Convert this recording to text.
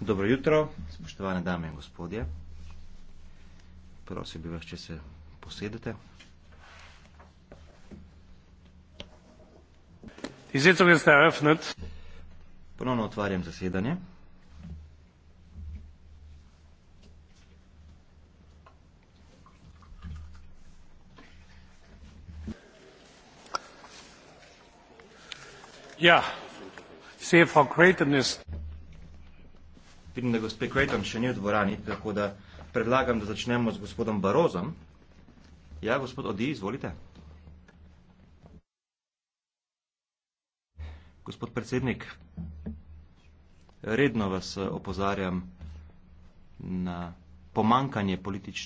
dobro jutro spoštovane dame in gospodje prosim bi vas če se posedete Die Sitzung ist eröffnet. Ponovno otvarjam zasedanje. Ja. Vidim, da gospe Creighton še ni v dvorani, tako da predlagam, da začnemo z gospodom Barozom. Ja, gospod Odi, izvolite. Gospod predsednik, redno vas eh, opozarjam na pomankanje politične.